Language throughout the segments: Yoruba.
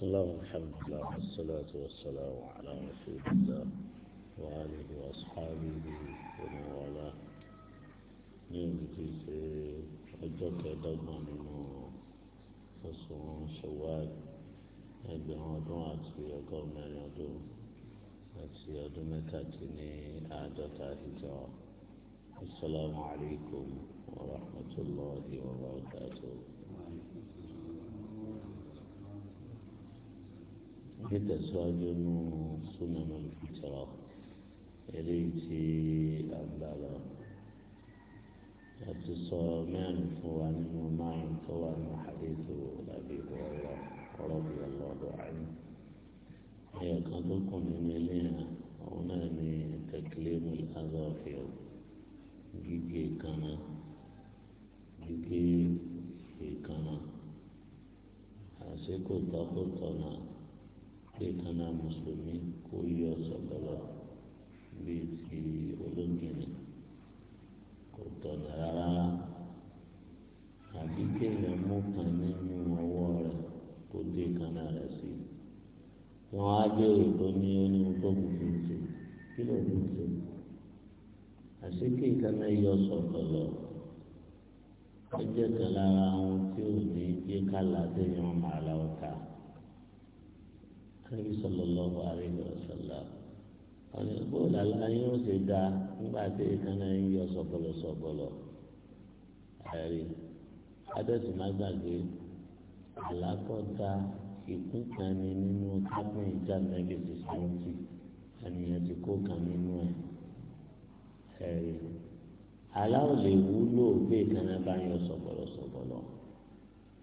بسم الله والحمد لله والصلاة والسلام على رسول الله وآله وأصحابه ومن والاه نيوم تيسي أجوك دوما من فصوم شوال أبي هدو أتي يقوم يدو أتي يدو متاتني أعدت السلام عليكم ورحمة الله وبركاته nítẹ̀síwájú nù súnmọ́ ìfìtìrọ̀ eléyìí tí a gbà lọ àti sọ mẹ́rin fún wa nínú márùn tó wà ní àdéhùn àbí ìwọ̀rọ̀ ọ̀rọ̀ bí ọlọ́dọ̀ àyè ẹ̀yà kan tó kù nínú eléyà òun náà ní tẹ̀kílẹ́mù azọ́fẹ́ gígé kaná gígé ìkaná àṣekò tọkọtọ náà. kéèkánná mùsùlùmí kó yọ sọ̀kọlọ bíi ti olómìnirin kò tọ̀nà rárá àbí kéèyàn mú kan nínú ọwọ́ rẹ̀ kó dé kánná rẹ̀ sí wọn á béèrè tó ní onímọ̀ tó mú fi ṣe kí ló ń ṣe àṣé kéèkánná yọ sọ̀kọlọ ọjọ́ kan lára ohun tí ò ní jẹ́ kálá déyàn màlá ọ̀tá. Ànábì sallallahu alaihi wasallam ọ̀nà bóòlù aláyé ó ṣe dáa nígbà tí ìkànnì ń yọ sọ̀bọ̀lọ̀sọ̀bọ̀lọ̀ ẹ̀rí adẹ́sùn má gbàgbé àlákọ́ta ìkún kan ní nínú kápẹ́ ìjà mẹ́lẹ̀ ti sọ́ọ́tì àníyàn ti kó kan nínú ẹ̀ ẹ̀rí aláwọ̀ lè wúlò bí ìkànnì bá ń yọ sọ̀bọ̀lọ̀sọ̀bọ̀lọ̀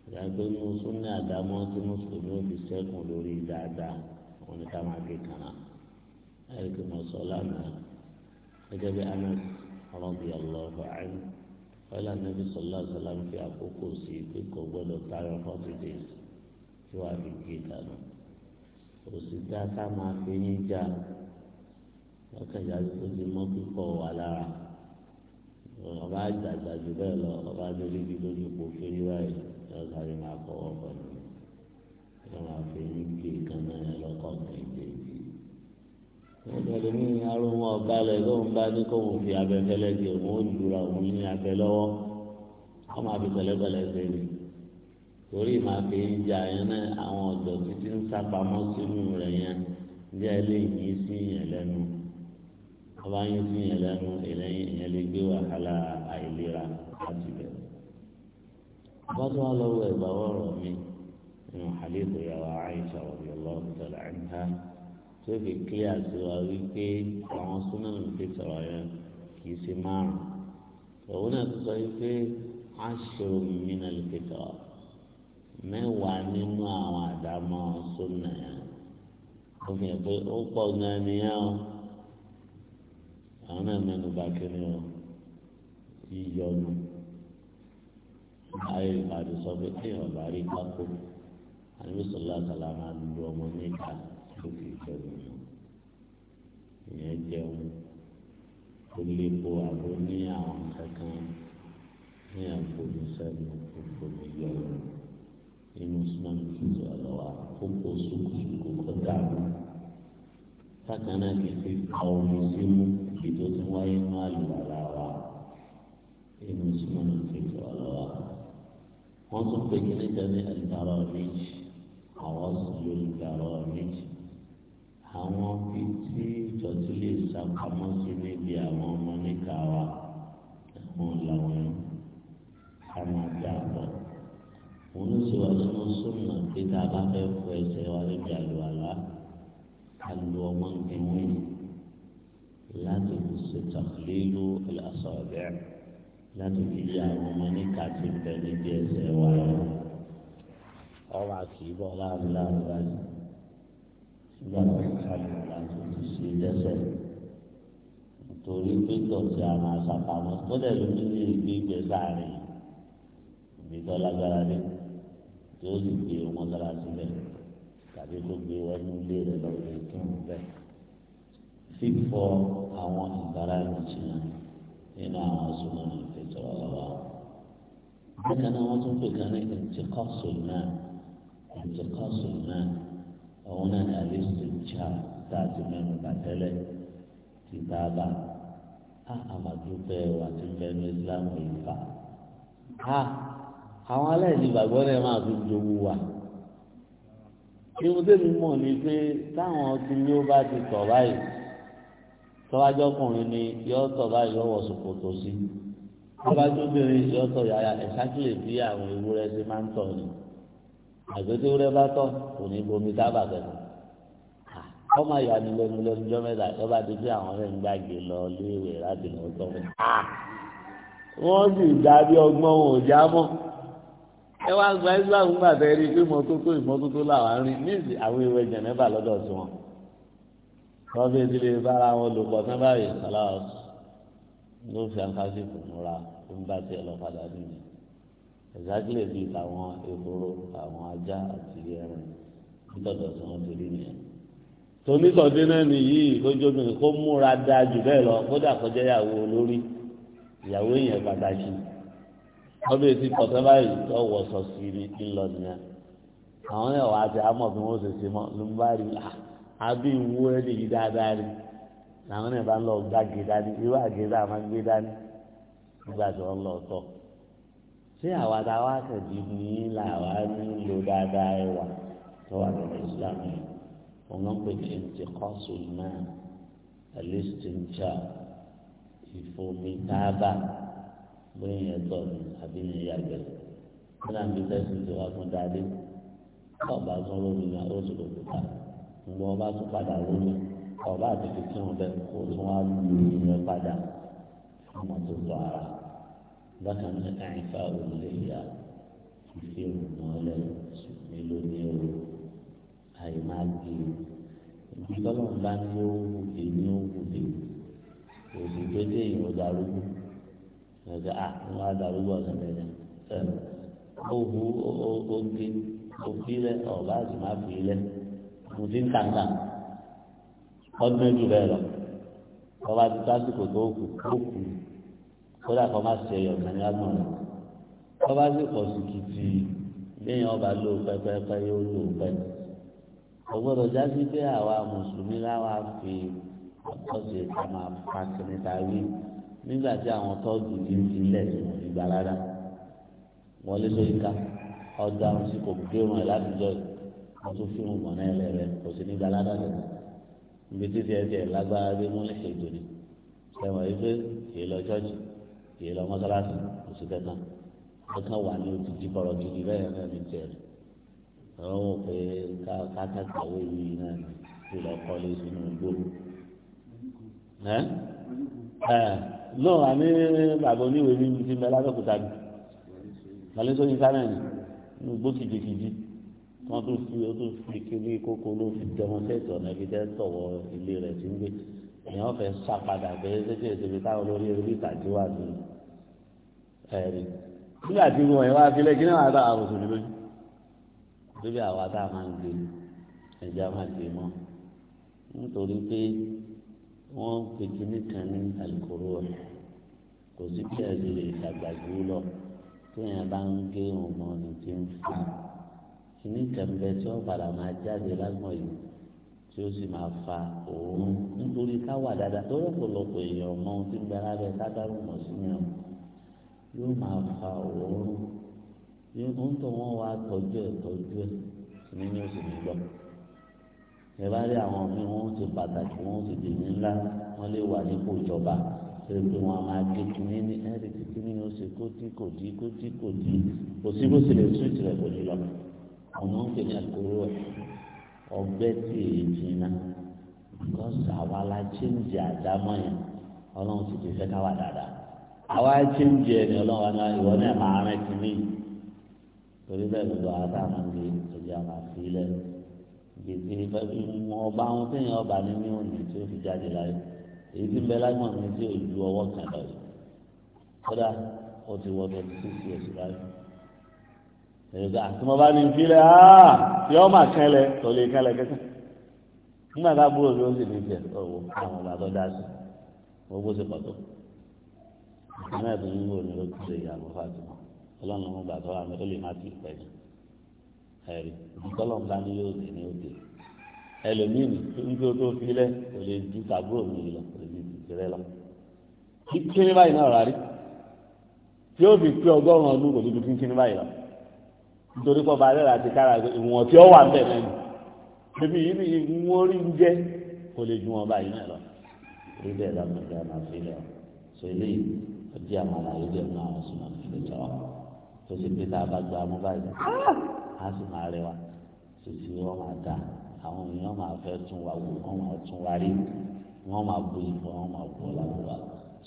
ìyàgbé ní sunni àdámọ́ tí mùsùlùmí ò fi sẹ́kùn lórí dáadáa wọn ni ká máa fi kànáà ẹ̀rí kí mo sọ lánàá gẹ́gẹ́ bí Anas radiyallahu anhu wọ́n anabi sọlá sọlá ń fi àkókò sí pé kò gbọ́dọ̀ tayọ forty days tí wàá fi gé e dànù òsì dáká máa fi yín já lọ́kànjá tó ti mọ́ kíkọ́ wà lára ọba àgbàgbà jù bẹ́ẹ̀ lọ ọba adórí lójú kò kéré báyìí lọ́sàrí máa kọ́ wọ́pọ̀ nù lọ́wọ́ àfẹ́yìn gé kan náà lọ́kọ̀ méjèèjì. ọ̀dọ́dọ̀ ní arún wọn balẹ̀ lóun bá ní kó wọn fi abẹ́fẹ́lẹ́ di òun ó lura òun ní abẹ lọ́wọ́ wọ́n máa fi pẹ̀lẹ́pẹ̀lẹ́ ṣe ni torí màá fi ń jà yẹn náà àwọn ọ̀dọ́ títí ń sápamọ́ sínú rẹ̀ yẹn bí lè yí sí yẹn lẹ́nu ọba yín sí yẹn lẹ́nu ìlẹ́yìn ìyẹn lè gbé wàhálà àìlera láti bẹ̀rẹ̀. bá tó wà lọ́wọ́ ẹ̀gbà wọ̀rọ̀ mi. nínú hadith yàrá Aisha radiyallahu ta'ala anha tó fi kílíà sí wa wípé àwọn súnmọ́nù ti sọ̀rọ̀ yẹn kì í ṣe márùn òun náà ti sọ wípé ashru min al-kitab mẹ́wàá nínú àwọn àdámọ́ súnmọ́ yẹn ó fi hàn pé ó pọ̀ ya o àwọn náà mẹ́nu bá kiri o yíyọnu ayé ìpàdé sọ pé kéèyàn bá rí ko àbí sọlá sọlá máa lu ọmọ níta tó fi jẹun nù ìyẹn jẹun ó lè po àbó ní àwọn kankan ní àfomi sẹ́nu òfomi yọrọ inú súnmọ́nù tuntun àlọ́wà kókó sùkùsùkù kó dàrú bákan náà kì í fi ka omi símú èyí tó ti wáyé nínú àlùbàlà wa inú súnmọ́nù tuntun àlọ́wà wọ́n tún pè kí ní jẹ́ ní àlùbàlà méjì àwọn sì ló ń dàrọ méjì àwọn bí tí ìtọ́jú lè sàpamọ́ sí níbi àwọn ọmọ níka wa àwọn làwọn yẹn ká máa dà pọ̀ wọn ló sì wá sínú súnmọ́ pé tá a bá fẹ́ fọ ẹsẹ̀ wa níbi àlùwàlá ká lu ọmọ nǹkan wọ̀nyí láti fi ṣe tàkìlélú ẹ̀lẹ́sọ̀ọ́bẹ̀ láti fi yí àwọn ọmọ níka ti bẹ̀ níbi ẹsẹ̀ wa yẹn ọ̀rọ̀ àkìbọ̀ láàrin láàrin báyìí nígbà tó ń sàlẹ̀ láti ti ṣe lẹ́sẹ̀ nítorí pé dọ̀tí àwọn aṣàpamọ́ tó dẹ̀ ló ní ní ìgbé ìgbẹ́ sáàrin ìgbé tó lágbára dé tí ó sì gbé wọn lára sílẹ̀ tàbí tó gbé wọn ní ilé rẹ̀ lọ́wọ́ kí wọ́n bẹ̀. fífọ àwọn ìbára ẹni jìnnà nínú àwọn aṣọ náà ìfẹ́ bákan náà wọ́n tún pè kan ní ìtìkọ́sọ̀ náà ìtìkọ́sùn náà òun náà ní alistucha tá a ti mẹ́nu bà tẹ́lẹ̀ ti tá a bá a àmàdúpẹ́ wà ti mẹ́nu ìsìlámù ìfà a àwọn aláìní ìgbàgbọ́ náà máa fi jowú wa irun tèmi mọ̀ ni pé táwọn ti ní ó bá ti tọ̀ báyìí tọ́wájọ́kùnrin ni yọ́ tọ̀ báyìí lọ́wọ́ ṣòkòtò sí tọ́wájọ́bìnrin yọ́ tọ̀ yàrá ẹ̀ṣákìlè bí àwọn ewúrẹ́ ṣe máa ń tọ̀ ni àgbẹ̀tẹ̀ wúrẹ́ bá tọ̀ kò ní bomi sábà kẹ́nu ọmọ ayọ̀ ni lẹ́nu lẹ́nu jọ mẹ́ta lọ́ba ti fi àwọn ọ̀rẹ́ ń gbàgbé lọ léèwé láti lọ tọ́ mi. wọ́n sì dábí ọgbọ́n wọn ò já mọ́ ẹ wá gba islam gbà tẹ́ rí i pé mọ́tótó ìmọ́tótó làwọn arìn níìsì àwọn ìwé jẹ̀nẹ́bà lọ́dọ̀ sí wọn. wọ́n fi ìdílé bára wọn lò pọ̀ sábà yìí sọ́lá ló fi àǹkásí kò múra ó ń bá tiẹ̀ lọ padà nìyí exactly bíi tàwọn ehoro àwọn ajá àti ẹran nítọ̀dọ̀ tí wọ́n ti rí nìyẹn. tonítọ̀dé náà nìyí ìkójóbìnrin kó múra dáa jù bẹ́ẹ̀ lọ kódà kọjá ìyàwó olórí ìyàwó èèyàn pàtàkì ọbẹ̀ tí pọ̀tẹ́ báyìí tó wọ̀ sọ sí ní ńlọ nìyẹn. àwọn ẹ̀ wá ti àmọ̀ bí wọ́n ṣe ṣe mọ́ ló ń bá rí àbí ah, ìwú ẹni yìí dáadáa rí làwọn ẹ̀ bá lọ gbàgé dání irú àgé ṣé àwa tá a wá tẹ̀jú ní làwa nílò dáadáa ẹwà tó wà lọ́rọ̀ islam yìí wọn ń pè ní ìtìkọ́sù náà ẹlẹ́sìtìǹjà ìfòmìtàbà bóyá yẹn tọ̀ ní àbí ní yàgbẹ́ nígbà tí tẹ̀sán ti wá fún dáadé ọba tún lómi ní oṣù lòkùtà ńgbọ́n ọba tún padà lómi ọba àti fìtí wọn bẹ́ẹ̀ kó tún wá lù ú yẹn padà fún ọmọ tó tọ́ ara bákan náà àyìnfà òlẹ́yà fífi òmùmọ́lẹ̀ nílò ní o àyè máa gbé o ibi tọ́lọ̀ ń bá ní ó wù dé ní ó wù dé o sì pé téèyàn ó darúgbó ẹ̀ka à ń wá darúgbó ọ̀sẹ̀ mẹ́rin ó hu ó gé ó fi lẹ̀ ọ̀bá àti má fi lẹ̀ mo ti ń kàńkà ọdún méjì bẹ́ẹ̀ lọ ọba ti tásìkò tó kù ó kù kódà kọ́ má ṣe ẹyọ kan ní agbọ̀n kọ́ bá sì pọ̀ sí kìtì léèyàn ọba ló pẹ́pẹ́pẹ́ yóò lò pẹ́ ọgbọ́dọ̀ jásí pé àwa mùsùlùmí láwa fi àkọsí ká máa fa kìnìtàwí nígbà tí àwọn tọ́ọ̀dù yìí ti lẹ̀ tí wọ́n fi gbà rárá wọlé lórí ká ọjà ń sì kò gbérun ẹ̀ látijọ́ wọ́n tún fíìmù mọ̀nà ẹ̀rẹ̀ rẹ̀ kò sí ní rárá tẹ̀lé ibi títí ẹ̀ tiẹ̀ lágbára bí múlẹ̀ ṣètò ni ṣẹ̀wọ̀n yìí pé kì í lọ ṣọ́ọ̀ṣì kì í lọ mọ́sálásí kò sí bẹ́ẹ̀ náà ó kàn wà ní òtítí bọ̀rọ̀ gidi bẹ́ẹ̀ náà ní tiẹ̀ ọ̀rọ̀ wò pé kákàtà owó yìí náà ní kí lọ kọ́lé sínú igbó ẹ ẹ náà àní bàbá oníwèé mi ti mẹ lábẹ́kúta mi balẹ̀ sóyin sáré ni ní igbó kìjikìji wọ́n tún fi ó tún fi kiri kókó ló fi dẹmọ́tẹ́tì ọ̀nà ibi tẹ́ tọ̀wọ́ ilé rẹ̀ ti ń gbé èèyàn fẹ́ sá padà bẹ́ẹ̀ ṣéṣe ìṣèlú táwọn olórí orí ìtàjú wà ní ẹ̀rí nígbà tí mo ẹ̀ wá filẹ̀ kí náà àtàwọn àwòsàn mi lójú lórí àwa tá a máa ń gbé ẹ̀jẹ̀ a máa gbé mọ́ nítorí pé wọ́n ń pe kíní kan ní àlùkòrò rẹ̀ kò sí kí ẹ̀sìn lè ṣàgbàgbé lọ téèyàn bá ń gé òun mọ́ ni ti ń fa kíní kan bẹ tí wọ́n padà máa jáde lágbọ̀n yìí tí ó sì máa fa òórùn nítorí ká wà dáadáa tó rọ̀pọ̀lọpọ̀ èèyàn ọmọ ohun tí ń bẹ lábẹ́ sábàrún mọ̀ sí yàn yóò máa fa òórùn yóò ń tọ́ wọn wá tọ́jú ẹ̀ tọ́jú ẹ̀ nínú oṣù nígbà ẹ bá rí àwọn míì wọn ti pàtàkì wọn ti dèmí ńlá wọn lè wà nípò ìjọba ṣe pé wọn máa gé kínní ní ẹrí tí kínní ní oṣù kó tí kò dí kó tí kò dí kò sí bó ṣe lè tú ìtìlẹ̀ kò ní lọ àwọn ọmọ ń pè ní àkóró ẹ̀ ọbẹ̀ tí èyí jìnnà gọ́sà àwa la chíńjì àdámọ́ yẹn ọlọ́run sì ti fẹ́ ká wà dáadáa àwa chíńjì ẹni ọlọ́run wa náà ìwọ náà máa rìn kínní torí bẹ́ẹ̀ gbogbo àtà máa ń gbé ìtòjú àwọn àfihàn gbèsè ìmọ̀ ọba àwọn téèyàn ọba ní ní òní tí ó fi jáde láyé èyí tí ń bẹ lágbọ̀n mi tí ò ju ọwọ́ kan lọ yìí kódà ó ti wọ twenty six years láyé ẹ̀yọ́dà tí mo bá ní n filẹ̀ á ah, yọ ọ́ mà kẹ́lẹ̀ tó lè kẹ́lẹ̀ kẹ́kẹ́ nígbà tá a búrò bí ó sì ní tiẹ̀ ọ̀wọ́ àwọn ọba tó dá sí mo bó ṣe pọ̀ tó ìmọ̀ ẹ̀dùn ní wò ni ó ti ṣe ìyàwó Fatima ọlọ́run ló ń gbà tó àmì ó lè má ti pẹ̀ ẹ̀rí ìtọ́lọ̀ ńlá ni yóò dé ní òde ẹlòmíì níbi ó tó filẹ̀ kò lè ju tàbúrò mi lọ kò lè ju tìrẹ lọ kíkiri báyìí náà rárí tí ó fi pé ọgọ́rùn-ún ọdún kò lè ju kíkiri báyìí lọ nítorí pọ̀ bá rẹ̀rà àti kára ìwọ̀n tí ó wà ń bẹ̀ lẹ́nu bíbí yìí ni wọ́n rí ń jẹ́ kó lè ju wọn báyìí náà lọ rí bẹ́ẹ̀ lọ́mọ ìgbà máa fi lọ sọ eléyìí ọjí àwọn àlàyé jẹ́ fún àwọn sùn máa fi lè tọ́ tó sì pé tá a bá gba mú báyìí á sì máa rẹwà títí wọn máa dà àwọn èèyàn máa fẹ́ tún wa wò wọ́n máa tún wa rí wọ́n máa bu ìfọ̀ wọ́n máa bu ọ̀la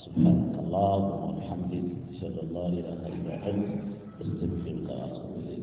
سبحانك اللهم وبحمدك اشهد ان لا اله الا انت استغفرك واتوب اليك